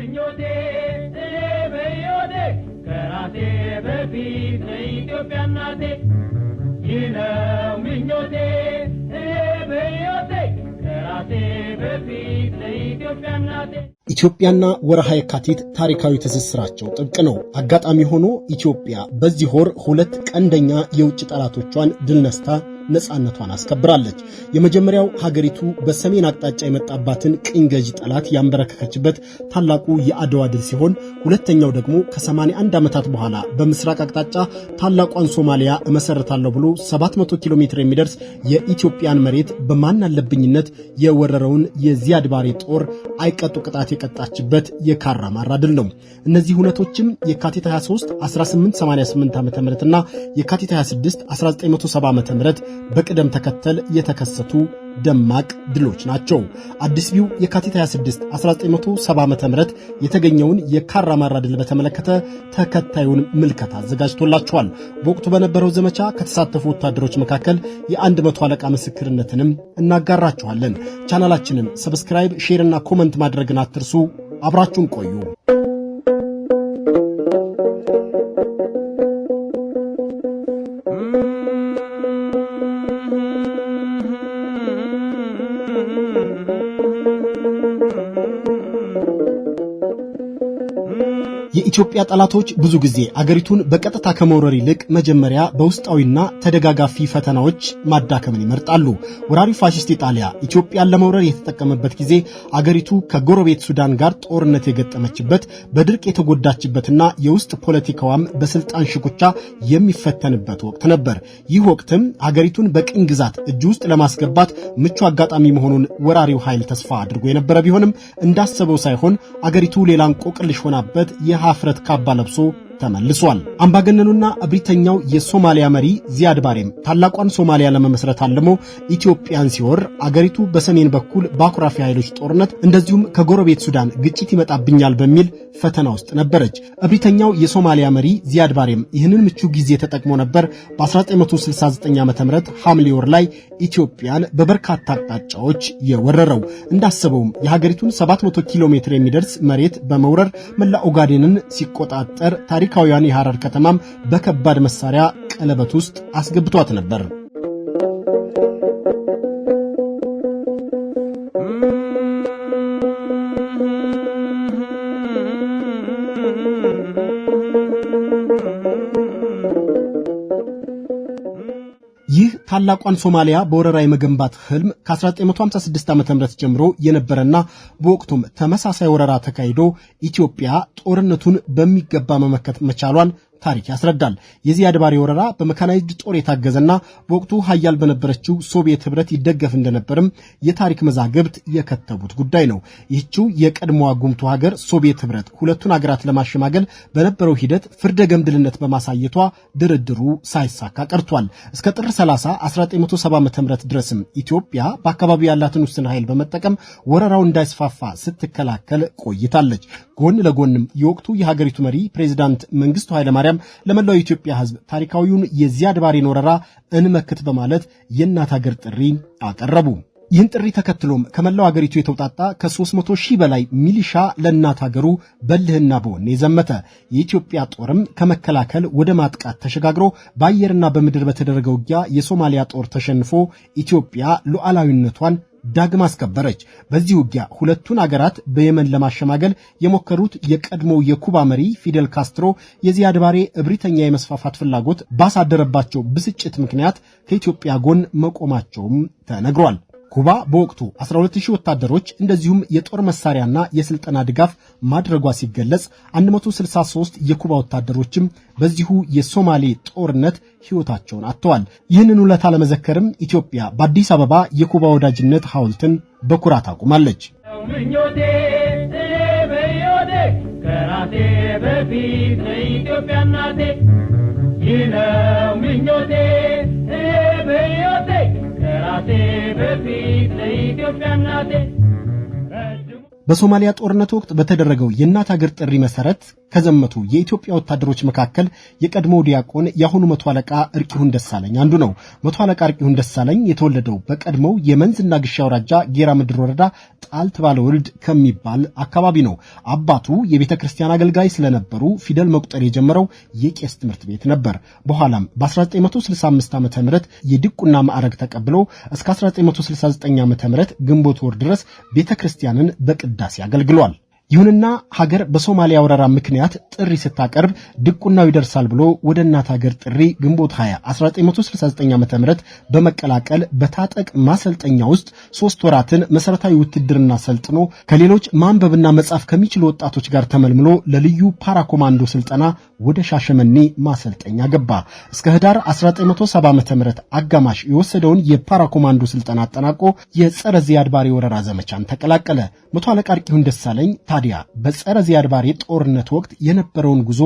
ምኞቴ እኔ ከራሴ በፊት ለኢትዮጵያ እናቴ ምኞቴ እኔ ኢትዮጵያና ወረሃይ የካቲት ታሪካዊ ትስስራቸው ጥብቅ ነው። አጋጣሚ ሆኖ ኢትዮጵያ በዚህ ወር ሁለት ቀንደኛ የውጭ ጠላቶቿን ድል ነስታ ነፃነቷን አስከብራለች። የመጀመሪያው ሀገሪቱ በሰሜን አቅጣጫ የመጣባትን ቅኝ ገዢ ጠላት ያንበረከከችበት ታላቁ የአድዋ ድል ሲሆን ሁለተኛው ደግሞ ከ81 ዓመታት በኋላ በምስራቅ አቅጣጫ ታላቋን ሶማሊያ እመሰረታለሁ ብሎ 700 ኪሎ ሜትር የሚደርስ የኢትዮጵያን መሬት በማን አለብኝነት የወረረውን የዚያድ ባሬ ጦር አይቀጡ ቅጣት የቀጣችበት የካራ ማራ ድል ነው። እነዚህ ሁነቶችም የካቲት 23 1888 ዓ.ም እና የካቲት 26 1970 ም በቅደም ተከተል የተከሰቱ ደማቅ ድሎች ናቸው። አዲስ ቢው የካቲት 26 1970 ዓ.ም የተገኘውን የካራ ማራ ድል በተመለከተ ተከታዩን ምልከታ አዘጋጅቶላቸዋል። በወቅቱ በነበረው ዘመቻ ከተሳተፉ ወታደሮች መካከል የ100 አለቃ ምስክርነትንም እናጋራችኋለን። ቻናላችንን ሰብስክራይብ፣ ሼርና ኮመንት ማድረግን አትርሱ። አብራችሁን ቆዩ። የኢትዮጵያ ጠላቶች ብዙ ጊዜ አገሪቱን በቀጥታ ከመውረር ይልቅ መጀመሪያ በውስጣዊና ተደጋጋፊ ፈተናዎች ማዳከምን ይመርጣሉ። ወራሪ ፋሽስት ኢጣሊያ ኢትዮጵያን ለመውረር የተጠቀመበት ጊዜ አገሪቱ ከጎረቤት ሱዳን ጋር ጦርነት የገጠመችበት በድርቅ የተጎዳችበትና የውስጥ ፖለቲካዋም በስልጣን ሽኩቻ የሚፈተንበት ወቅት ነበር። ይህ ወቅትም አገሪቱን በቅኝ ግዛት እጅ ውስጥ ለማስገባት ምቹ አጋጣሚ መሆኑን ወራሪው ኃይል ተስፋ አድርጎ የነበረ ቢሆንም እንዳሰበው ሳይሆን አገሪቱ ሌላ እንቆቅልሽ ሆናበት አፍረት ካባ ለብሶ ተመልሷል። አምባገነኑና እብሪተኛው የሶማሊያ መሪ ዚያድ ባሬም ታላቋን ሶማሊያ ለመመስረት አልሞ ኢትዮጵያን ሲወር አገሪቱ በሰሜን በኩል በአኩራፊ ኃይሎች ጦርነት እንደዚሁም ከጎረቤት ሱዳን ግጭት ይመጣብኛል በሚል ፈተና ውስጥ ነበረች። እብሪተኛው የሶማሊያ መሪ ዚያድ ባሬም ይህንን ምቹ ጊዜ ተጠቅሞ ነበር በ1969 ዓ ም ሐምሌ ወር ላይ ኢትዮጵያን በበርካታ አቅጣጫዎች የወረረው። እንዳሰበውም የሀገሪቱን 700 ኪሎ ሜትር የሚደርስ መሬት በመውረር መላ ኦጋዴንን ሲቆጣጠር ታሪክ አሜሪካውያን የሐረር ከተማም በከባድ መሳሪያ ቀለበት ውስጥ አስገብቷት ነበር። ታላቋን ሶማሊያ በወረራ የመገንባት ህልም ከ1956 ዓ ም ጀምሮ የነበረና በወቅቱም ተመሳሳይ ወረራ ተካሂዶ ኢትዮጵያ ጦርነቱን በሚገባ መመከት መቻሏን ታሪክ ያስረዳል። የዚህ አድባሪ ወረራ በመካናይዝድ ጦር የታገዘና በወቅቱ ሀያል በነበረችው ሶቪየት ህብረት ይደገፍ እንደነበርም የታሪክ መዛግብት የከተቡት ጉዳይ ነው። ይህችው የቀድሞዋ ጉምቱ ሀገር ሶቪየት ህብረት ሁለቱን ሀገራት ለማሸማገል በነበረው ሂደት ፍርደ ገምድልነት በማሳየቷ ድርድሩ ሳይሳካ ቀርቷል። እስከ ጥር 30 1970 ዓ.ም ድረስም ኢትዮጵያ በአካባቢው ያላትን ውስን ኃይል በመጠቀም ወረራው እንዳይስፋፋ ስትከላከል ቆይታለች። ጎን ለጎንም የወቅቱ የሀገሪቱ መሪ ፕሬዚዳንት መንግስቱ ኃይለማርያም ማርያም ለመላው የኢትዮጵያ ሕዝብ ታሪካዊውን የዚያድ ባሬን ወረራ እንመክት በማለት የእናት ሀገር ጥሪ አቀረቡ። ይህን ጥሪ ተከትሎም ከመላው አገሪቱ የተውጣጣ ከ300 ሺህ በላይ ሚሊሻ ለእናት ሀገሩ በልህና በወኔ ዘመተ። የኢትዮጵያ ጦርም ከመከላከል ወደ ማጥቃት ተሸጋግሮ በአየርና በምድር በተደረገ ውጊያ የሶማሊያ ጦር ተሸንፎ ኢትዮጵያ ሉዓላዊነቷን ዳግም አስከበረች። በዚህ ውጊያ ሁለቱን አገራት በየመን ለማሸማገል የሞከሩት የቀድሞ የኩባ መሪ ፊደል ካስትሮ የዚያድ አድባሬ እብሪተኛ የመስፋፋት ፍላጎት ባሳደረባቸው ብስጭት ምክንያት ከኢትዮጵያ ጎን መቆማቸውም ተነግሯል። ኩባ በወቅቱ 120 ወታደሮች እንደዚሁም የጦር መሳሪያና የስልጠና ድጋፍ ማድረጓ ሲገለጽ 163 የኩባ ወታደሮችም በዚሁ የሶማሌ ጦርነት ሕይወታቸውን አጥተዋል። ይህንን ውለታ ለመዘከርም ኢትዮጵያ በአዲስ አበባ የኩባ ወዳጅነት ሐውልትን በኩራት አቁማለች። ይህ ምኞቴ vivre les gueules fermes በሶማሊያ ጦርነት ወቅት በተደረገው የእናት ሀገር ጥሪ መሰረት ከዘመቱ የኢትዮጵያ ወታደሮች መካከል የቀድሞ ዲያቆን የአሁኑ መቶ አለቃ እርቂሁን ደሳለኝ አንዱ ነው። መቶ አለቃ እርቂሁን ደሳለኝ የተወለደው በቀድሞው የመንዝና ግሻ አውራጃ ጌራ ምድር ወረዳ ጣልት ባለ ወልድ ከሚባል አካባቢ ነው። አባቱ የቤተ ክርስቲያን አገልጋይ ስለነበሩ ፊደል መቁጠር የጀመረው የቄስ ትምህርት ቤት ነበር። በኋላም በ1965 ዓ ም የድቁና ማዕረግ ተቀብሎ እስከ 1969 ዓ ም ግንቦት ወር ድረስ ቤተ ክርስቲያንን በቅድ ቅዳሴ አገልግሏል። ይሁንና ሀገር በሶማሊያ ወረራ ምክንያት ጥሪ ስታቀርብ ድቁናው ይደርሳል ብሎ ወደ እናት ሀገር ጥሪ ግንቦት 20 1969 ዓ ም በመቀላቀል በታጠቅ ማሰልጠኛ ውስጥ ሶስት ወራትን መሰረታዊ ውትድርና ሰልጥኖ ከሌሎች ማንበብና መጻፍ ከሚችሉ ወጣቶች ጋር ተመልምሎ ለልዩ ፓራኮማንዶ ስልጠና ወደ ሻሸመኔ ማሰልጠኛ ገባ። እስከ ህዳር 1970 ዓ ም አጋማሽ የወሰደውን የፓራ ኮማንዶ ስልጠና አጠናቆ የጸረ ዚያድ ባሬ ወረራ ዘመቻን ተቀላቀለ። መቶ አለቃ ደሳለኝ ታዲያ በጸረ ዚያድ ባሬ ጦርነት ወቅት የነበረውን ጉዞ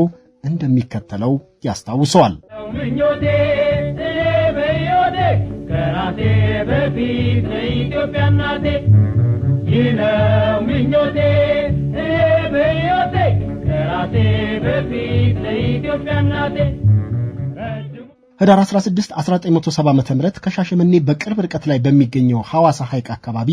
እንደሚከተለው ያስታውሰዋል። ከራሴ ምኞቴ ከራሴ ህዳር 16 1970 ዓ ም ከሻሸመኔ በቅርብ ርቀት ላይ በሚገኘው ሐዋሳ ሐይቅ አካባቢ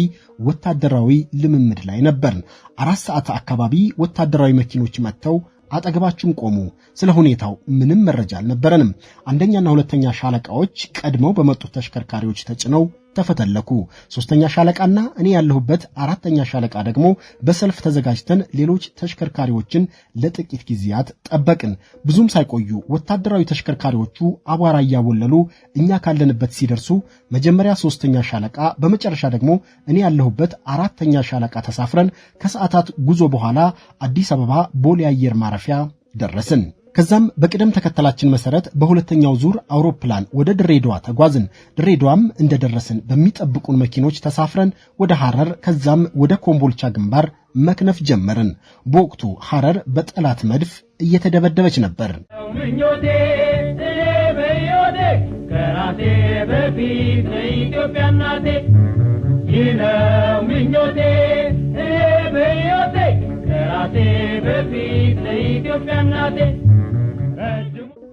ወታደራዊ ልምምድ ላይ ነበርን። አራት ሰዓት አካባቢ ወታደራዊ መኪኖች መጥተው አጠገባችን ቆሙ። ስለ ሁኔታው ምንም መረጃ አልነበረንም። አንደኛና ሁለተኛ ሻለቃዎች ቀድመው በመጡት ተሽከርካሪዎች ተጭነው ተፈተለኩ። ሶስተኛ ሻለቃና እኔ ያለሁበት አራተኛ ሻለቃ ደግሞ በሰልፍ ተዘጋጅተን ሌሎች ተሽከርካሪዎችን ለጥቂት ጊዜያት ጠበቅን። ብዙም ሳይቆዩ ወታደራዊ ተሽከርካሪዎቹ አቧራ እያቦለሉ እኛ ካለንበት ሲደርሱ መጀመሪያ ሶስተኛ ሻለቃ፣ በመጨረሻ ደግሞ እኔ ያለሁበት አራተኛ ሻለቃ ተሳፍረን ከሰዓታት ጉዞ በኋላ አዲስ አበባ ቦሌ አየር ማረፊያ ደረስን። ከዛም በቅደም ተከተላችን መሰረት በሁለተኛው ዙር አውሮፕላን ወደ ድሬዳዋ ተጓዝን። ድሬዳዋም እንደደረስን በሚጠብቁን መኪኖች ተሳፍረን ወደ ሐረር ከዛም ወደ ኮምቦልቻ ግንባር መክነፍ ጀመርን። በወቅቱ ሐረር በጠላት መድፍ እየተደበደበች ነበር። ከራሴ በፊት እናቴ ምኞቴ በፊት እናቴ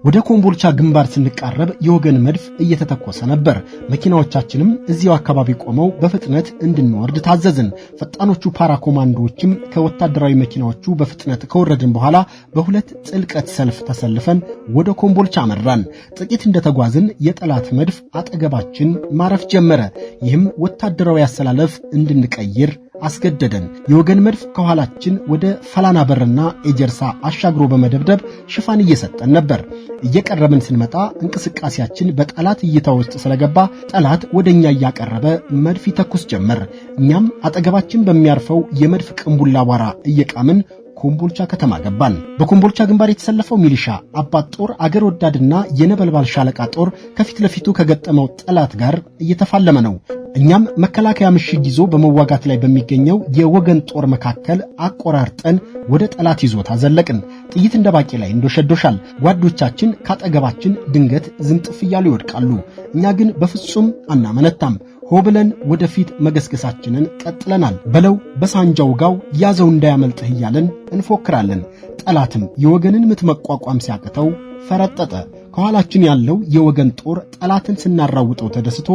ወደ ኮምቦልቻ ግንባር ስንቃረብ የወገን መድፍ እየተተኮሰ ነበር። መኪናዎቻችንም እዚያው አካባቢ ቆመው በፍጥነት እንድንወርድ ታዘዝን። ፈጣኖቹ ፓራ ኮማንዶዎችም ከወታደራዊ መኪናዎቹ በፍጥነት ከወረድን በኋላ በሁለት ጥልቀት ሰልፍ ተሰልፈን ወደ ኮምቦልቻ አመራን። ጥቂት እንደተጓዝን የጠላት መድፍ አጠገባችን ማረፍ ጀመረ። ይህም ወታደራዊ አሰላለፍ እንድንቀይር አስገደደን። የወገን መድፍ ከኋላችን ወደ ፈላና በርና ኤጀርሳ አሻግሮ በመደብደብ ሽፋን እየሰጠን ነበር። እየቀረብን ስንመጣ እንቅስቃሴያችን በጠላት እይታ ውስጥ ስለገባ ጠላት ወደ እኛ እያቀረበ መድፍ ይተኩስ ጀመር። እኛም አጠገባችን በሚያርፈው የመድፍ ቅንቡላ ዋራ እየቃምን ኮምቦልቻ ከተማ ገባን። በኮምቦልቻ ግንባር የተሰለፈው ሚሊሻ አባት ጦር አገር ወዳድና የነበልባል ሻለቃ ጦር ከፊት ለፊቱ ከገጠመው ጠላት ጋር እየተፋለመ ነው። እኛም መከላከያ ምሽግ ይዞ በመዋጋት ላይ በሚገኘው የወገን ጦር መካከል አቆራርጠን ወደ ጠላት ይዞታ ዘለቅን። ጥይት እንደ ባቄ ላይ እንዶሸዶሻል። ጓዶቻችን ካጠገባችን ድንገት ዝንጥፍ እያሉ ይወድቃሉ። እኛ ግን በፍጹም አናመነታም። ሆ ብለን ወደፊት መገስገሳችንን ቀጥለናል። በለው በሳንጃው ጋው ያዘው እንዳያመልጥህ እያለን እንፎክራለን። ጠላትም የወገንን ምት መቋቋም ሲያቅተው ፈረጠጠ። ከኋላችን ያለው የወገን ጦር ጠላትን ስናራውጠው ተደስቶ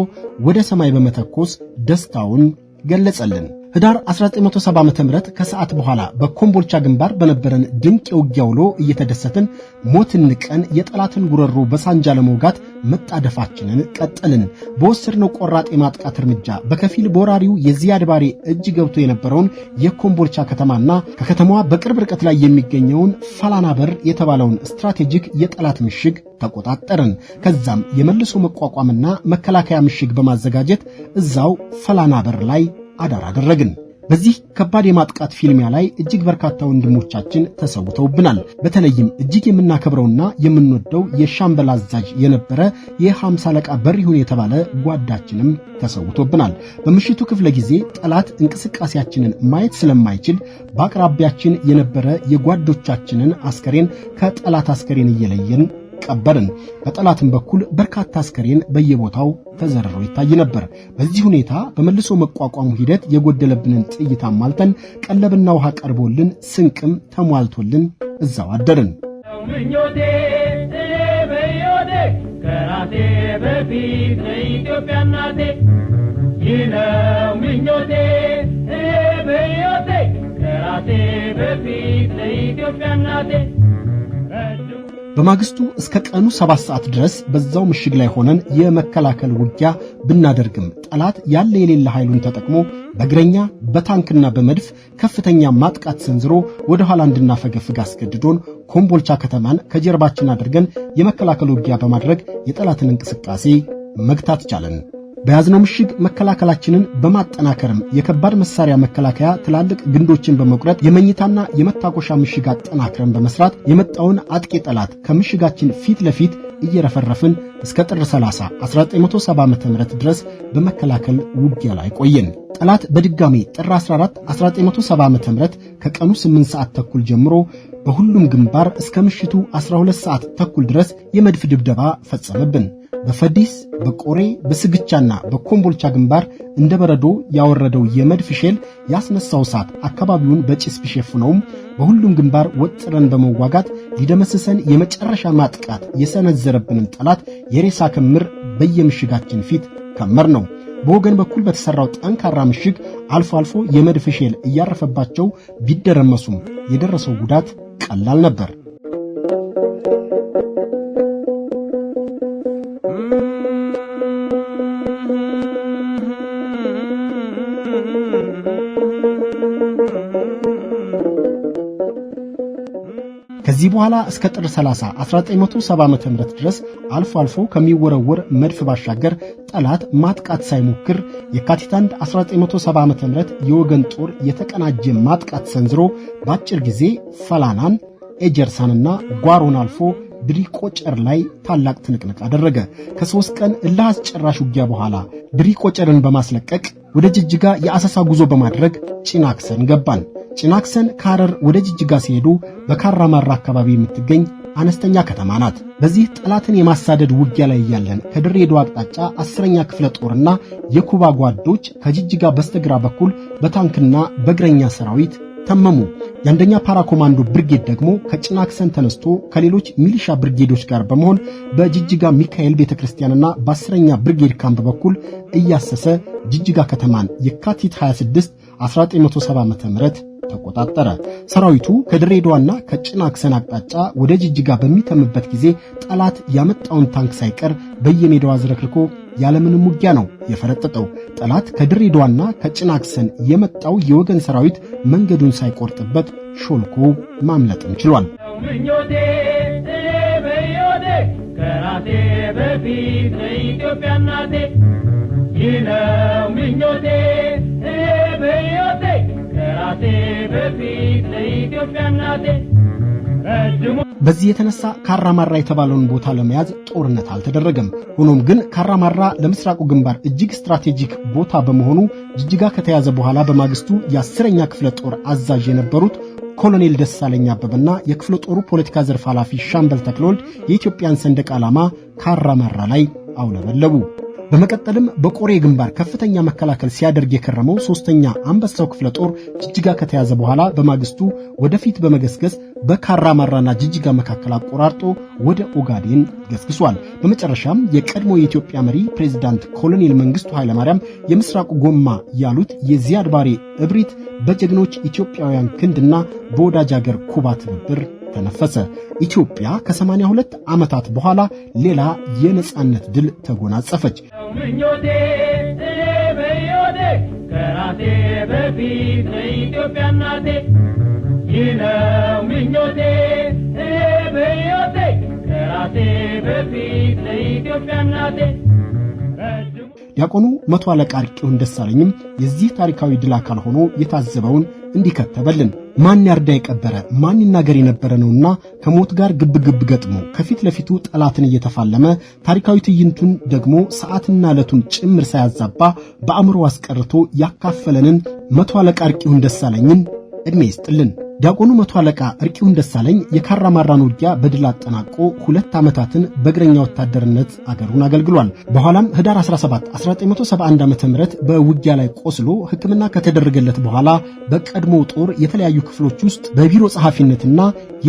ወደ ሰማይ በመተኮስ ደስታውን ገለጸልን። ህዳር 1970 ዓ.ም ከሰዓት በኋላ በኮምቦልቻ ግንባር በነበረን ድንቅ የውጊያ ውሎ እየተደሰትን ሞትን ንቀን የጠላትን ጉረሮ በሳንጃ ለመውጋት መጣደፋችንን ቀጠልን። በወሰድነው ቆራጥ የማጥቃት እርምጃ በከፊል በወራሪው የዚያድ ባሬ እጅ ገብቶ የነበረውን የኮምቦልቻ ከተማና ከከተማዋ በቅርብ ርቀት ላይ የሚገኘውን ፋላና በር የተባለውን ስትራቴጂክ የጠላት ምሽግ ተቆጣጠርን። ከዛም የመልሶ መቋቋምና መከላከያ ምሽግ በማዘጋጀት እዛው ፈላና በር ላይ አዳር አደረግን። በዚህ ከባድ የማጥቃት ፊልሚያ ላይ እጅግ በርካታ ወንድሞቻችን ተሰውተውብናል። በተለይም እጅግ የምናከብረውና የምንወደው የሻምበል አዛዥ የነበረ የሃምሳ አለቃ በሪሁን የተባለ ጓዳችንም ተሰውቶብናል። በምሽቱ ክፍለ ጊዜ ጠላት እንቅስቃሴያችንን ማየት ስለማይችል በአቅራቢያችን የነበረ የጓዶቻችንን አስከሬን ከጠላት አስከሬን እየለየን ቀበርን። በጠላትም በኩል በርካታ አስከሬን በየቦታው ተዘርሮ ይታይ ነበር። በዚህ ሁኔታ በመልሶ መቋቋሙ ሂደት የጎደለብንን ጥይት አሟልተን ቀለብና ውሃ ቀርቦልን ስንቅም ተሟልቶልን እዛው አደርን። ይነው ምኞቴ በፊት እናቴ በማግስቱ እስከ ቀኑ ሰባት ሰዓት ድረስ በዛው ምሽግ ላይ ሆነን የመከላከል ውጊያ ብናደርግም ጠላት ያለ የሌለ ኃይሉን ተጠቅሞ በእግረኛ በታንክና በመድፍ ከፍተኛ ማጥቃት ሰንዝሮ ወደ ኋላ እንድናፈገፍግ አስገድዶን ኮምቦልቻ ከተማን ከጀርባችን አድርገን የመከላከል ውጊያ በማድረግ የጠላትን እንቅስቃሴ መግታት ቻለን። በያዝነው ምሽግ መከላከላችንን በማጠናከርም የከባድ መሳሪያ መከላከያ ትላልቅ ግንዶችን በመቁረጥ የመኝታና የመታኮሻ ምሽግ አጠናክረን በመስራት የመጣውን አጥቂ ጠላት ከምሽጋችን ፊት ለፊት እየረፈረፍን እስከ ጥር 30 1970 ዓ.ም ድረስ በመከላከል ውጊያ ላይ ቆየን። ጠላት በድጋሚ ጥር 14 1970 ዓ.ም ከቀኑ 8 ሰዓት ተኩል ጀምሮ በሁሉም ግንባር እስከ ምሽቱ 12 ሰዓት ተኩል ድረስ የመድፍ ድብደባ ፈጸመብን። በፈዲስ በቆሬ በስግቻና በኮምቦልቻ ግንባር እንደ በረዶ ያወረደው የመድፍ ሼል ያስነሳው እሳት አካባቢውን በጭስ ቢሸፍነውም በሁሉም ግንባር ወጥረን በመዋጋት ሊደመስሰን የመጨረሻ ማጥቃት የሰነዘረብንን ጠላት የሬሳ ክምር በየምሽጋችን ፊት ከመር ነው። በወገን በኩል በተሰራው ጠንካራ ምሽግ አልፎ አልፎ የመድፍ ሼል እያረፈባቸው ቢደረመሱም የደረሰው ጉዳት ቀላል ነበር። ከዚህ በኋላ እስከ ጥር 30 1970 ዓ.ም ድረስ አልፎ አልፎ ከሚወረወር መድፍ ባሻገር ጠላት ማጥቃት ሳይሞክር የካቲት 1 1970 ዓ.ም የወገን ጦር የተቀናጀ ማጥቃት ሰንዝሮ በአጭር ጊዜ ፈላናን፣ ኤጀርሳንና ጓሮን አልፎ ድሪቆጨር ላይ ታላቅ ትንቅንቅ አደረገ። ከሦስት ቀን እልህ አስጨራሽ ውጊያ በኋላ ድሪቆጨርን በማስለቀቅ ወደ ጅጅጋ የአሰሳ ጉዞ በማድረግ ጭናክሰን ገባን። ጭናክሰን ካረር ወደ ጅጅጋ ሲሄዱ በካራማራ አካባቢ የምትገኝ አነስተኛ ከተማ ናት። በዚህ ጠላትን የማሳደድ ውጊያ ላይ እያለን ከድሬዳዋ አቅጣጫ አስረኛ ክፍለ ጦርና የኩባ ጓዶች ከጅጅጋ በስተግራ በኩል በታንክና በእግረኛ ሰራዊት ተመሙ። የአንደኛ ፓራ ኮማንዶ ብርጌድ ደግሞ ከጭናክሰን ተነስቶ ከሌሎች ሚሊሻ ብርጌዶች ጋር በመሆን በጅጅጋ ሚካኤል ቤተክርስቲያንና በአስረኛ ብርጌድ ካምፕ በኩል እያሰሰ ጅጅጋ ከተማን የካቲት 26 1970 ዓ.ም ተቆጣጠረ። ሰራዊቱ ከድሬዳዋና ከጭናክሰን አቅጣጫ ወደ ጅጅጋ በሚተምበት ጊዜ ጠላት ያመጣውን ታንክ ሳይቀር በየሜዳዋ ዝረክርኮ ያለምንም ውጊያ ነው የፈረጠጠው። ጠላት ከድሬዳዋና ከጭናክሰን የመጣው የወገን ሰራዊት መንገዱን ሳይቆርጥበት ሾልኮ ማምለጥም ችሏል። ምኞቴ በዚህ የተነሳ ካራማራ የተባለውን ቦታ ለመያዝ ጦርነት አልተደረገም። ሆኖም ግን ካራማራ ለምስራቁ ግንባር እጅግ ስትራቴጂክ ቦታ በመሆኑ ጅጅጋ ከተያዘ በኋላ በማግስቱ የአስረኛ ክፍለ ጦር አዛዥ የነበሩት ኮሎኔል ደሳለኝ አበበና የክፍለ ጦሩ ፖለቲካ ዘርፍ ኃላፊ ሻምበል ተክለወልድ የኢትዮጵያን ሰንደቅ ዓላማ ካራማራ ላይ አውለበለቡ። በመቀጠልም በቆሬ ግንባር ከፍተኛ መከላከል ሲያደርግ የከረመው ሶስተኛ አንበሳው ክፍለ ጦር ጅጅጋ ከተያዘ በኋላ በማግስቱ ወደፊት በመገስገስ በካራ ማራና ጅጅጋ መካከል አቆራርጦ ወደ ኦጋዴን ገስግሷል። በመጨረሻም የቀድሞ የኢትዮጵያ መሪ ፕሬዚዳንት ኮሎኔል መንግስቱ ኃይለማርያም የምስራቁ ጎማ ያሉት የዚያድ ባሬ እብሪት በጀግኖች ኢትዮጵያውያን ክንድና በወዳጅ አገር ኩባ ትብብር ተነፈሰ። ኢትዮጵያ ከ82 ዓመታት በኋላ ሌላ የነፃነት ድል ተጎናጸፈች። ዲያቆኑ መቶ አለቃ አርቄውን ደሳለኝም የዚህ ታሪካዊ ድል አካል ሆኖ የታዘበውን እንዲከተበልን ማን ያርዳ የቀበረ ማን ይናገር የነበረ ነውና ከሞት ጋር ግብ ግብ ገጥሞ ከፊት ለፊቱ ጠላትን እየተፋለመ ታሪካዊ ትዕይንቱን ደግሞ ሰዓትና ዕለቱን ጭምር ሳያዛባ በአእምሮ አስቀርቶ ያካፈለንን መቶ አለቃ እርቂሁን ደሳለኝን ዕድሜ ይስጥልን። ዲያቆኑ መቶ አለቃ እርቂሁን ደሳለኝ የካራማራን ውጊያ በድል አጠናቆ ሁለት ዓመታትን በእግረኛ ወታደርነት አገሩን አገልግሏል። በኋላም ህዳር 17 1971 ዓ.ም በውጊያ ላይ ቆስሎ ሕክምና ከተደረገለት በኋላ በቀድሞ ጦር የተለያዩ ክፍሎች ውስጥ በቢሮ ጸሐፊነትና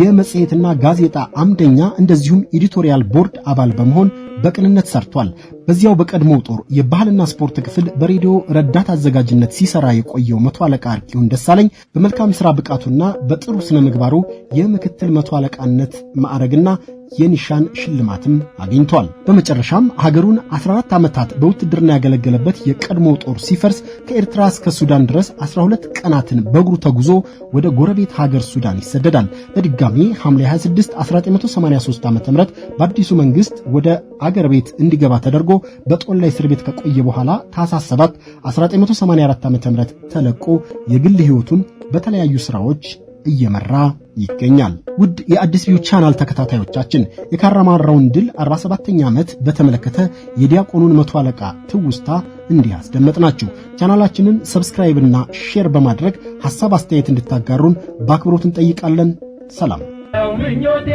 የመጽሔትና ጋዜጣ አምደኛ እንደዚሁም ኤዲቶሪያል ቦርድ አባል በመሆን በቅንነት ሰርቷል። በዚያው በቀድሞ ጦር የባህልና ስፖርት ክፍል በሬዲዮ ረዳት አዘጋጅነት ሲሰራ የቆየው መቶ አለቃ እርቂሁን ደሳለኝ በመልካም ስራ ብቃቱና በጥሩ ስነ ምግባሩ የምክትል መቶ አለቃነት ማዕረግና የኒሻን ሽልማትም አግኝቷል። በመጨረሻም ሀገሩን 14 ዓመታት በውትድርና ያገለገለበት የቀድሞ ጦር ሲፈርስ ከኤርትራ እስከ ሱዳን ድረስ 12 ቀናትን በእግሩ ተጉዞ ወደ ጎረቤት ሀገር ሱዳን ይሰደዳል። በድጋሚ ሐምሌ 26 1983 ዓ.ም በአዲሱ መንግስት ወደ አገር ቤት እንዲገባ ተደርጎ በጦር ላይ እስር ቤት ከቆየ በኋላ ታህሳስ 7 1984 ዓ.ም ተለቆ የግል ሕይወቱን በተለያዩ ስራዎች እየመራ ይገኛል። ውድ የአዲስ ቪው ቻናል ተከታታዮቻችን የካራማራውን ድል 47ኛ ዓመት በተመለከተ የዲያቆኑን መቶ አለቃ ትውስታ እንዲህ አስደመጥናችሁ። ቻናላችንን ሰብስክራይብና ሼር በማድረግ ሐሳብ አስተያየት እንድታጋሩን በአክብሮት እንጠይቃለን። ሰላም ምኞቴ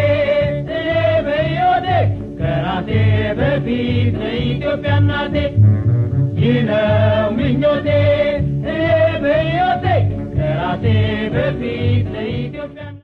ይነው ምኞቴ ከመምጣቴ በፊት ለኢትዮጵያ